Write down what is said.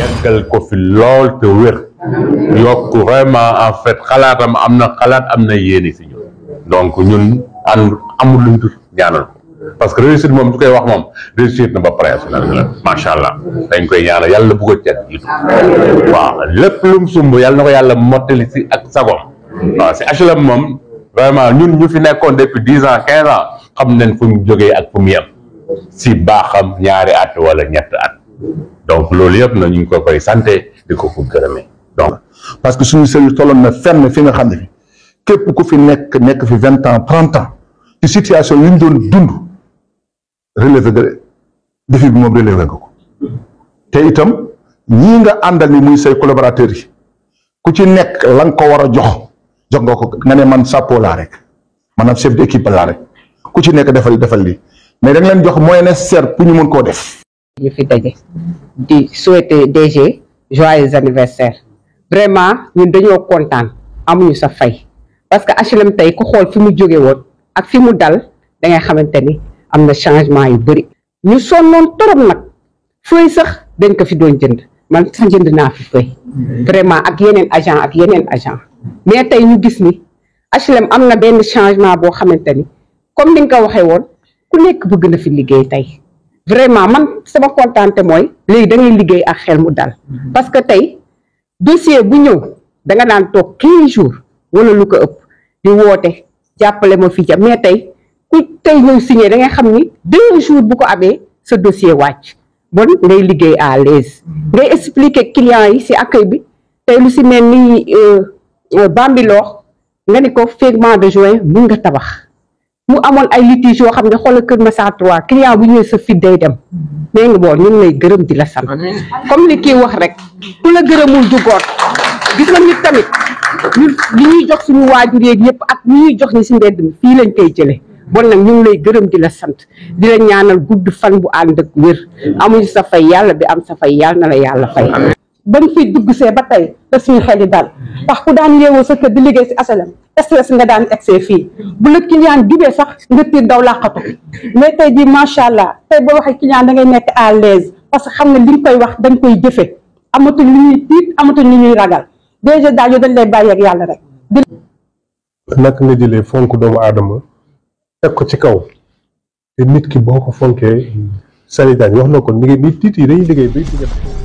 yàggal ko fi lool te wér yokk vraiment en fait xalaatam am na xalaat am na yéene si ñun donc ñun ànd amul luñ dul ñaanal ko parce que réussite moom su koy wax moom réussite na ba pare la macha allah dañ koy ñaanal yàlla bu ko cet jiitu waaw lépp lu mu sumb yàlla na ko yàlla mottali si ak sagom waaw si HLM moom vraiment ñun ñu fi nekkoon depuis dix ans quinze ans xam nañ fu mu jógee ak fu mu si baaxam ñaari at wala ñett at donc loolu yëpp na ñu ngi ko koy sante di ko ko gërëmee donc parce que suñu service tolloon na fenn fi nga xam ne fi képp ku fi nekk nekk fi vingt ans trente ans ci situation yi ñu doon dund relevé de défi bi moom relevé nga ko te itam ñii nga àndal ni muy say collaborateurs yi ku ci nekk la nga ko war a jox jox nga ko nga ne man sàppoo laa rek maanaam chef d'équipe laa rek ku ci nekk defal defal lii mais da leen jox moyen nécessaire pour ñu mën koo def ñu fi daje di souhaiter DG joyeux anniversaire vraiment ñun dañoo kontaan amuñu sa fay parce que HLM tey ku xool fi mu jóge woon ak fi mu dal da ngay xamante ni am na changement yu bëri ñu sonnoon torop nag feuille sax dañ ko fi doon jënd man sax jënd naa fi feuille vraiment ak yeneen agent ak yeneen agent mais tey ñu gis ni HLM am na benn changement boo xamante ni comme ni nga ko waxee woon ku nekk bëgg na fi liggéey tey vraiment man sama kontaante mooy léegi da liggéey ak xel mu dal mhm. parce que tey dossier bu ñëw da nga daan toog quinze jours wala lu ko ëpp di woote jàppale ma fii ca mais tey ku tey ñëw signé da ngay xam ni deux jours bu ko abee sa dossier wàcc bon ngay liggéey à l'aise mhm. ngay expliquer client yi si accueil bi tey lu si mel ni euh, euh, bambiloox nga ni ko fragment de juin mun nga tabax mu amoon ay litige yoo xam ne xoolal Kër Massar 3 client bu ñëwee sa fit day dem nee nga bool ñu ngi lay gërëm di la sant comme li kii wax rek ku la gërëmul du góor gis nga nit tamit ñun li ñuy jox suñu waajur yeeg yëpp ak ñi ñuy jox ñi si mbedd mi fii lañ koy jëlee bon nag ñu lay gërëm di la sant di la ñaanal gudd fan bu ànd ak wér amuñu sa fay yàlla bi am sa fay yàlla na la yàlla fay. bañ fiy dugg see ba tey da suñu xel yi dal ndax ku daan yeewoo sa kër di liggéey si asalam stress nga daan egsee fii bu la client jubee sax nga tiir daw làqatu mais tey jii macha allah tey boo waxee client da nekk à l'aise parce que xam nga li nga koy wax dañ koy jëfe amatuñ li ñuy tiit amatuñ li ñuy ragal déjà daal yow dañ lay bàyyi ak yàlla rek. nga jëlee fonk doomu aadama teg ko ci kaw te ki boo ko fonkee Sani na ko liggéey bi tiit yi dañuy liggéey